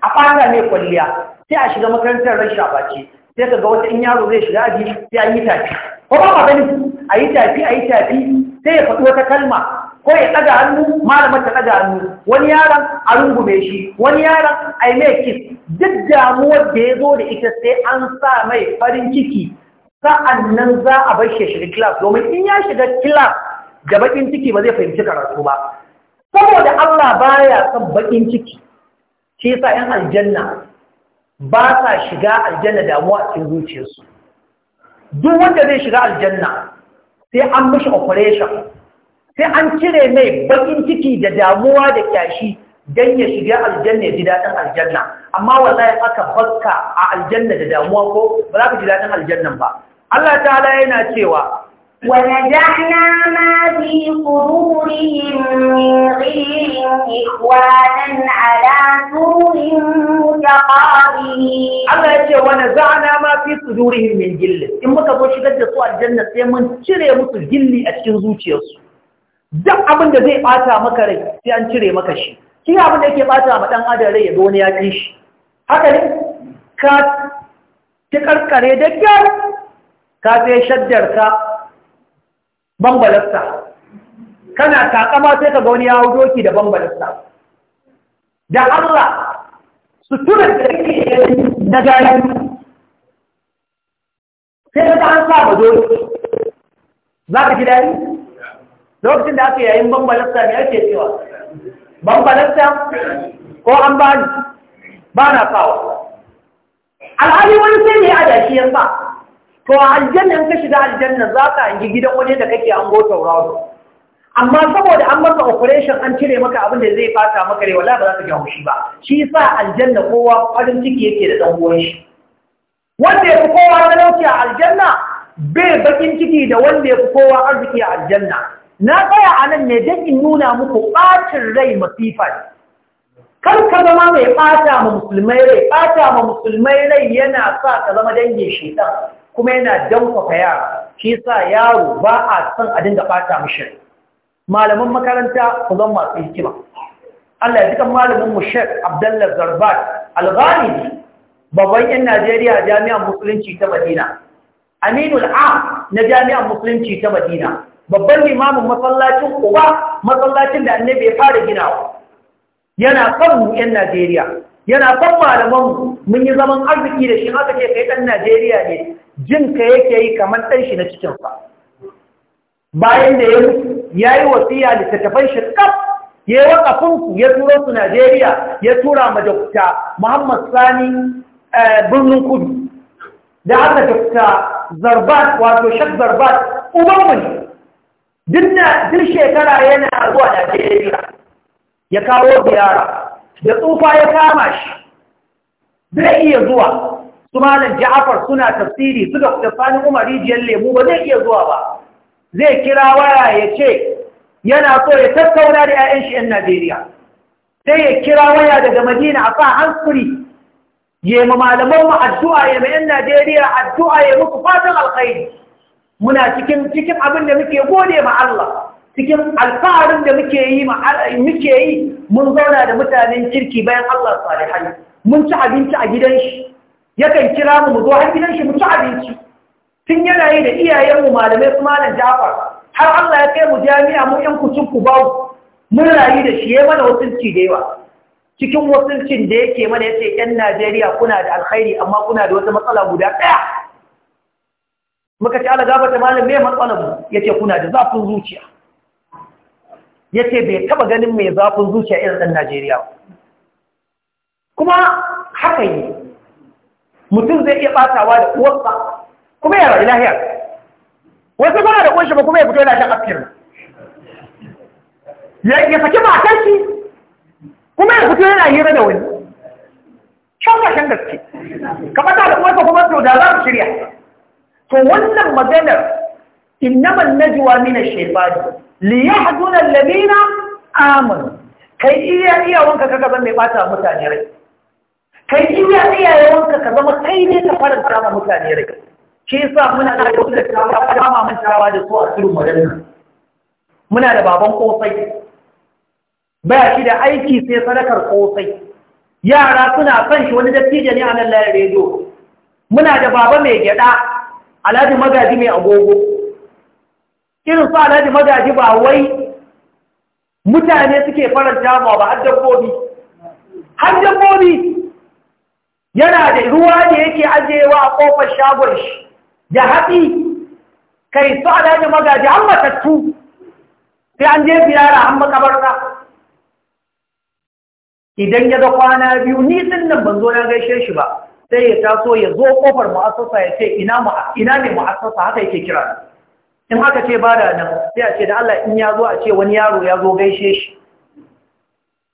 a fata mai kwalliya sai a shiga makarantar rashin abaci sai ka ga wata in yaro zai shiga aji sai a yi tafi ko ba ma gani a yi tafi a yi tafi sai ya faɗi wata kalma ko ya ɗaga hannu malamar ta ɗaga hannu wani yaron a rungume shi wani yaron a yi mai kis duk damuwar da ya zo da ita sai an sa mai farin ciki sa'an nan za a bar shi shiga kilas domin in ya shiga kilas da bakin ciki ba zai fahimci karatu ba saboda Allah baya son bakin ciki shi sa 'yan aljanna ba sa shiga aljanna damuwa cikin zuciyarsu duk wanda zai shiga aljanna sai an mashi operation sai an cire mai bakin ciki da damuwa da kyashi dan ya shiga aljanna ya ji daɗin aljanna amma wallahi aka fuska a aljanna da damuwa ko ba za ka ji daɗin aljannan ba Allah ta'ala yana cewa ونزعنا ما في قبورهم من غير إخوانا على سور متقابلين Allah ya ce wani ma fi sudurihim min gilli in muka zo shigar da su aljanna sai mun cire musu gilli a cikin zuciyarsu duk abin da zai bata maka rai sai an cire maka shi shi abin da yake bata ma dan adam rai zo wani ya ji shi haka ne ka ti karkare da kyar ka sai shaddar ka bambalarsa kana takama sai ka ga wani ya doki da bambalarsa da Allah suturar da yake na gari sai ka an sa ba doki za ka ji daɗi lokacin da aka yayin bambalarsa ne ake cewa ban balasta ko an ba ba na sawa alhali wani sai ne adashi ya sa to a aljanna in ka shiga aljanna za ka yi gidan wani da kake an go tauraro amma saboda an maka operation an cire maka abin da zai fata maka rewa wallahi ba za ka ga haushi ba shi yasa aljanna kowa farin ciki yake da dan uwan shi wanda ya kowa talauci a aljanna bai bakin ciki da wanda ya fi kowa arziki a aljanna na tsaya a nan ne don in nuna muku ɓacin rai masifa kar ka zama mai ɓata ma musulmai rai ɓata ma musulmai rai yana sa ka zama dangin ɗan. kuma yana dankwaka yara shi sa yaro ba a son a dinga ɓata mashi malaman makaranta ku zan masu hikima Allah ya dukan malamin mu Sheikh Abdullah Zarbat Al-Ghalibi babban yan Najeriya jami'an Musulunci ta Madina Aminul A na jami'an Musulunci ta Madina babban limamin masallacin uba masallacin da annabi ya fara ginawa yana son mu yan Najeriya yana son malaman mun yi zaman arziki da shi haka ce kai ɗan Najeriya ne jin ka yake yi kamar dan shi na cikin sa bayan da ya mutu yayi wasiya littattafan shi kaf ya wakafin ku ya tura su Najeriya ya tura ma Dr. Muhammad Sani eh, birnin Kudu da aka Dr. Zarbat wato Shak Zarbat uban mu ne duk shekara yana zuwa Najeriya ya kawo ziyara da tsufa ya kama shi zai iya zuwa su malam ja'afar suna tafsiri suka tafanin umar rijiyar lemu ba zai iya zuwa ba zai kira waya ya ce yana so ya tattauna da 'ya'yan shi 'yan Najeriya sai ya kira waya daga Madina a kan hankuri ya yi malaman mu addu'a ya mai 'yan Najeriya addu'a ya muku fatan alkhairi muna cikin cikin abin da muke gode ma Allah cikin alfaharin da muke yi muke yi mun zauna da mutanen kirki bayan Allah salihai mun ci abinci a gidan shi yakan kira mu mu zo har gidan shi mu ci abinci tun yana yi da iyayenmu malamai su malam Jafar har Allah ya kai mu jami'a mu yan kucin ku babu mun rayu da shi yayi mana wasulci da yawa cikin wasulcin da yake mana yace yan Najeriya kuna da alkhairi amma kuna da wata matsala guda ɗaya muka ce Allah gaba ta malam mai matsalar mu yace kuna da zafin zuciya yace bai taba ganin mai zafin zuciya irin dan Najeriya kuma haka yi mutum zai iya batawa da uwarsa kuma ya rayu lahiya wasu kuma da kunshi ba kuma ya fito yana shan askir ya saki matar shi kuma ya fito yana hira da wani shan gashin gaske ka fata da uwarsa kuma to da za su shirya to wannan maganar innamal najwa min ash-shaytan li yahduna alladhina amanu kai iya iya wanka kaga ban mai bata mutane rai kai iya iya wanka ka zama kai ne ka faranta ma mutane rai shi yasa muna da wanda ta kama mun tawa da su a cikin maganar muna da baban kosai ba shi da aiki sai sadakar kosai yara suna son shi wani dattijo ne a nan layin rediyo muna da baba mai gyada alhaji magaji mai agogo irin su alhaji magaji ba wai mutane suke faranta ma ba har dabbobi har dabbobi yana da ruwa da yake ajiyewa a kofar shagon shi da haɗi kai su alhaji magaji an matattu sai an je ziyara an makabarta idan ya ga kwana biyu ni nan ban zo na gaishe shi ba sai ya taso ya zo kofar ma'asasa ya ce ina ne ma'asasa haka yake kira in haka ce ba da nan sai a ce da Allah in ya zo a ce wani yaro ya zo gaishe shi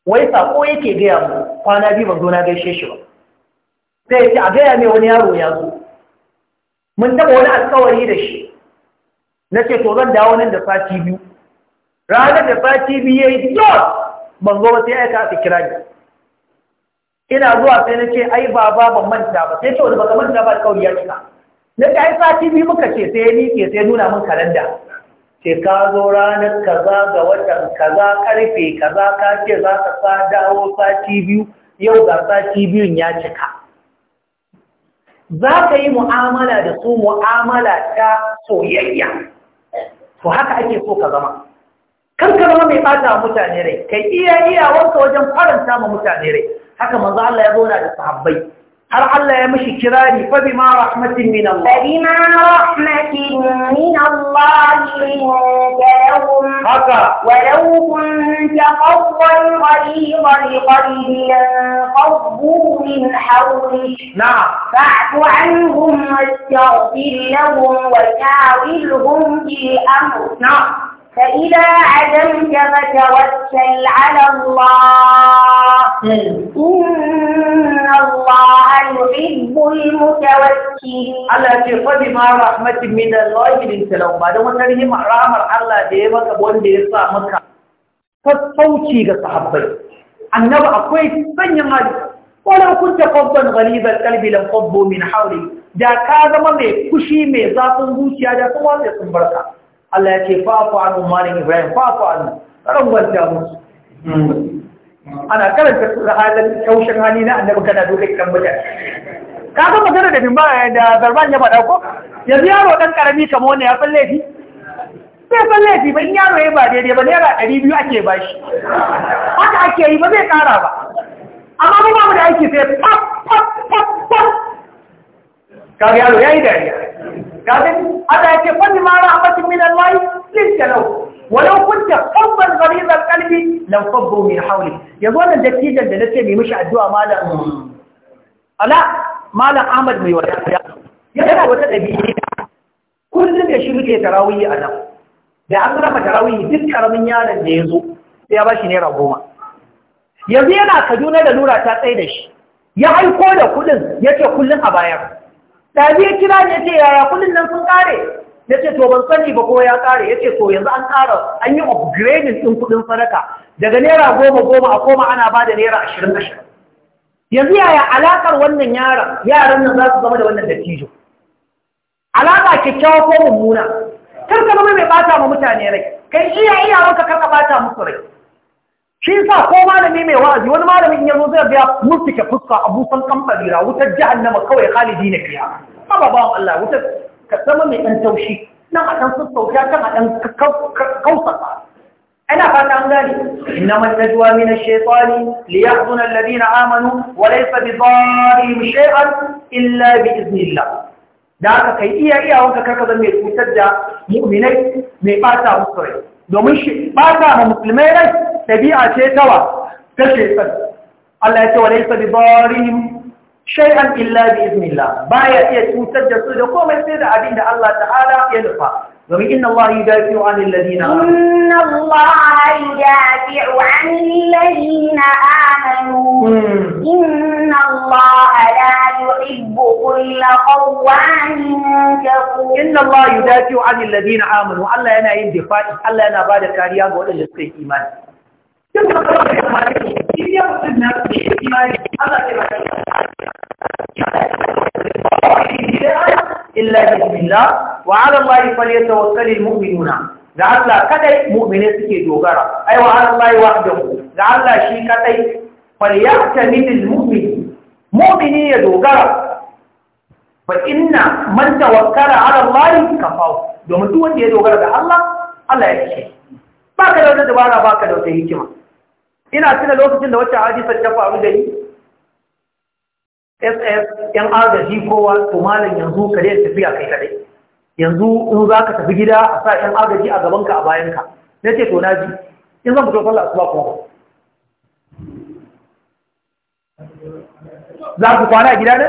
wai sako yake gaya mu kwana biyu ban zo na gaishe shi ba sai ya ce a gaya mai wani yaro ya zo mun taɓa wani alkawari da shi na ce to zan dawo nan da sati biyu ranar da sati biyu ya yi ban zo ba sai aika aka kira ni ina zuwa sai na ce ai ba ban manta ba sai ce wani baka manta ba kawai ya cika na ce ai sati biyu muka ce sai ya miƙe sai nuna min kalanda ce ka zo ranar kaza ga watan kaza karfe kaza ka ce za ka sa dawo sati biyu yau ga sati biyun ya cika za ka yi mu'amala da su mu'amala ta soyayya to haka ake so ka zama kan ka zama mai bata mutane rai kai iya iyawarka wajen faranta ma mutane rai haka manzo Allah ya zauna da sahabbai har Allah ya mishi kirari fa bi ma rahmatin min Allah bi ma rahmatin min Allah lahum haka wa law kunta qawwan qaliba liqalbi qawbu min hawli na'am fa'fu anhum wastaghfir lahum wa shawilhum bi amr na'am فإذا عزمت فتوكل على الله إن الله يحب المتوكلين الله يقول قد ما رحمة من الله لنت لو بعد ما تريهم رحمة الله ديما وان ديسا مكا فتصوتي كصحابي النبع كويس سنما ولو كنت فظا غليظ القلب لانفضوا من حولي da ka zama mai kushi mai zafin zuciya da kuma Allah ya ce fafu anu malin Ibrahim fafu ban damu musu ana karanta halin taushin hali na annabi kana dole kan mutane ka ga magana da bin baya da zarban ya faɗa ko yanzu yaro dan karami kamar wanda ya falle fi sai falle fi ba in yaro ya ba daidai ba naira ɗari biyu ake ba shi haka ake yi ba zai ƙara ba amma mu ba mu da aiki sai pap pap pap pap kaga yaro yayi dariya ga gani Allah ya ce fanni ma rahmatin min Allah linka lau walau kunta fabban gharizal qalbi lam fabbu min hawli yanzu wannan dattijan da nace mai mishi addu'a malam ala malam Ahmad mai wadata yana wata dabi'a kullum da shi muke tarawih a nan da an rama tarawih duk karamin yaron da ya zo sai ya bashi naira goma yanzu yana Kaduna da lura ta tsaye da shi ya aiko da kudin yace kullum a bayar da biyu kira ne ce yaya kudin nan sun kare ya ce to ban sani ba kuma ya kare ya ce to yanzu an kara an yi upgrading ɗin kudin sadaka daga naira goma goma a koma ana ba da naira ashirin ashirin yanzu yaya alakar wannan yaran yaran nan za su zama da wannan dattijo alaka kyakkyawa ko mummuna kar ka zama mai bata ma mutane rai kai iya iya maka kar ka bata musu rai shi sa ko malami mai wa'azi wani malami in yazo zai ga murtika fuska abusan kamfarira wutar jahannama kawai khalidi ne kiya amma ba Allah wuta ka zama mai dan taushi nan a dan sassauta kan a dan ana fata an gani min ash-shaytani li فاتعن alladhina amanu wa laysa bi ليحضن shay'an illa bi idhnillah da إلا kai iya ذاك كي إيا إيا وانك كركضا ميت متدى مؤمنين ميقاتا مصرين domin shi ba ma musulmai rai ɗabi'a ce tawa ta shaitan Allah ya ce wa laisa bi barihim shay'an illa bi iznillah baya iya cutar da su da komai sai da abin da Allah ta'ala ya nufa domin inna Allah yudafi'u 'anil ladina amanu inna Allah yudafi'u 'anil ladina amanu hmm. inna Allah la yuhibbu kulla qawwanin kafur inna Allah yudafi'u 'anil ladina amanu Allah yana yin difa'i Allah yana bada kariya ga waɗanda suka yi imani إلا بسم الله وعلى الله فليتوكل المؤمنون da Allah kadai mu'mini suke dogara ai wa Allah wahdahu Allah shi kadai falyaktamilil mu'min mu'mini ya dogara fa inna man tawakkala ala Allah domin duk ya dogara da Allah Allah ya ce da wata dabara ba da wata hikima ina tuna lokacin da wacce hadisar ta faru da ni ss yan agaji kowa to malam yanzu kare ya tafiya kai kadai yanzu in za ka tafi gida a sa yan agaji a gabanka a bayanka na ce to na ji in zan fito sallah asuba ba. za ku kwana a gida ne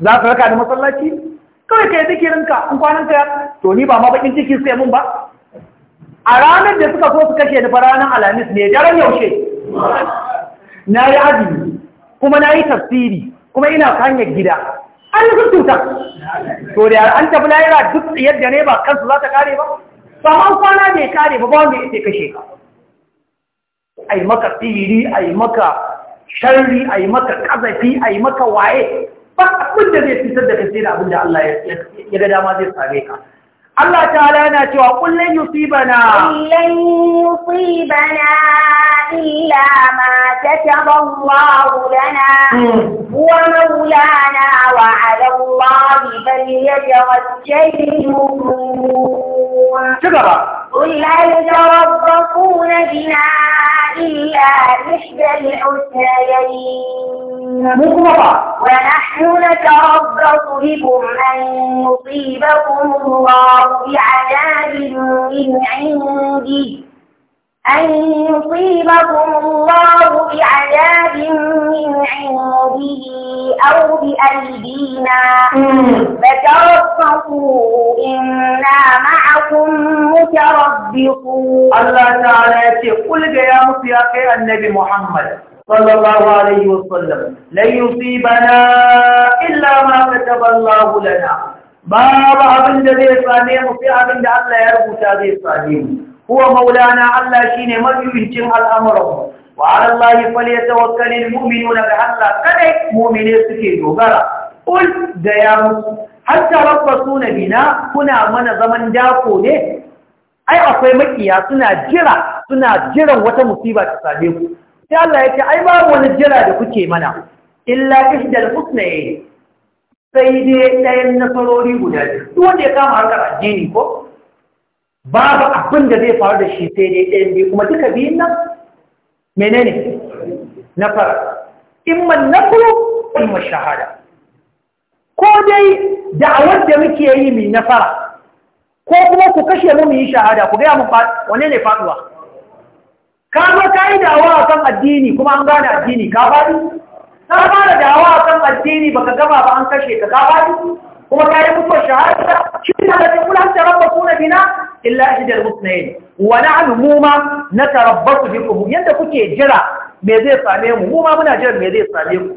za ku raka da masallaci kawai ka yi ranka in kwanan ka to ni ba ma bakin ciki sai mun ba a ranar da suka so su kashe ni ranar alhamis ne daren yaushe na yi azumi kuma na yi tafsiri kuma ina hanyar gida an yi tuta to da an tafi layira duk yadda ne ba kansu za ta kare ba ba ma kwana bai kare ba ba wanda ya ce kashe ka a yi maka tsiri a yi maka sharri a yi maka kazafi a yi maka waye ba abin da zai fitar da kashe da abin da Allah ya ga dama zai same ka Allah ta'ala yana cewa kullun yusibana kullun yusibana إلا ما كتب الله لنا هو مولانا وعلى الله فليتوكل المؤمنون قل هل تربصون بنا إلا إحدى الحسنيين ونحن نتربص بكم أن يصيبكم الله بعذاب من عنده أن يصيبكم الله بعذاب من عنده أو بأيدينا فتربصوا إنا معكم متربصون الله تعالى يقول يا مصياقي النبي محمد صلى الله عليه وسلم لن يصيبنا إلا ما كتب الله لنا ما أبن ذي صانيه في عند الله يربو تابي صانيه huwa maulana Allah shine mabiyincin al'amuran wa ala Allah falyatawakkal almu'minuna bi Allah kadai mu'mine suke dogara ul da ya musu hatta rabbasuna bina kuna mana zaman dako ne ai akwai makiya suna jira suna jiran wata musiba ta same ku sai Allah ya ce ai babu wani jira da kuke mana illa ihdal husnayn sai dai dayan nasarori guda biyu wanda ya kama harkar addini ko babu abin da zai faru da shi sai dai ɗayan biyu kuma duka biyun nan menene na fara na nafru imman shahada ko dai da'awar da muke yi mai na fara ko kuma ku kashe mu mu yi shahada ku gaya mu wane ne faduwa ka zo ka yi da'awa a kan addini kuma an gane addini ka faɗi ka fara da'awa a kan addini baka gama ba an kashe ka ka faɗi kuma kayan mutuwar shahar'a shi ne da kula ta rabba kuna bina illa ihdal husnayn wa na'lamu muma natarabbasu bikum yanda kuke jira me zai same mu mu ma muna jira me zai same mu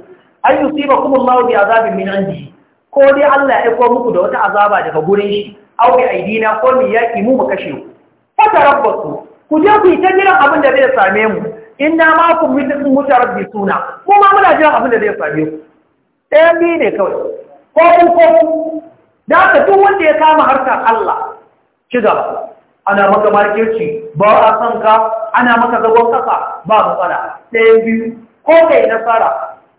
ay yusibakum Allah bi azabin min indihi ko dai Allah ya aiko muku da wata azaba daga gurin shi aw bi aidina ko mi yaki mu mu kashe ku ku je ku ta abin da zai same mu suna mu ma muna jiran abin da zai same ku ɗayan biyu ne kawai ko ko da haka duk wanda ya kama harkar Allah ci gaba ana maka markirci ba a son ka ana maka zagon kasa ba matsala ɗayan biyu ko ka yi nasara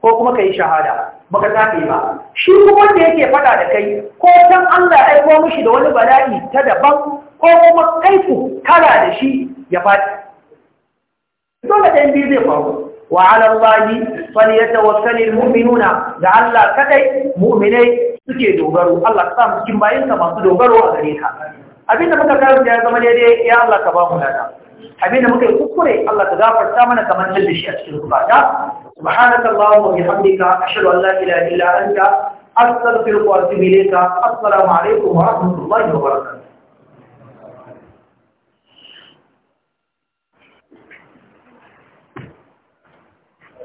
ko kuma ka yi shahada baka tafi ba shi kuma wanda yake faɗa da kai ko can Allah ya aiko mushi da wani bala'i ta daban ko kuma kai ku da shi ya faɗi? dole ɗayan biyu zai faru وعلى الله فليتوكل المؤمنون لعل كدي مؤمني suke dogaro Allah ka sa mu cikin bayinka masu dogaro a gare ka da muka karanta ya zama daidai ya Allah ka ba mu lada abinda muka yi kuskure Allah ka gafarta mana kamar da shi a cikin kubata subhanaka allahumma wa bihamdika ashhadu an la ilaha illa anta astaghfiruka wa atubu ilayka assalamu alaikum wa rahmatullahi wa barakatuh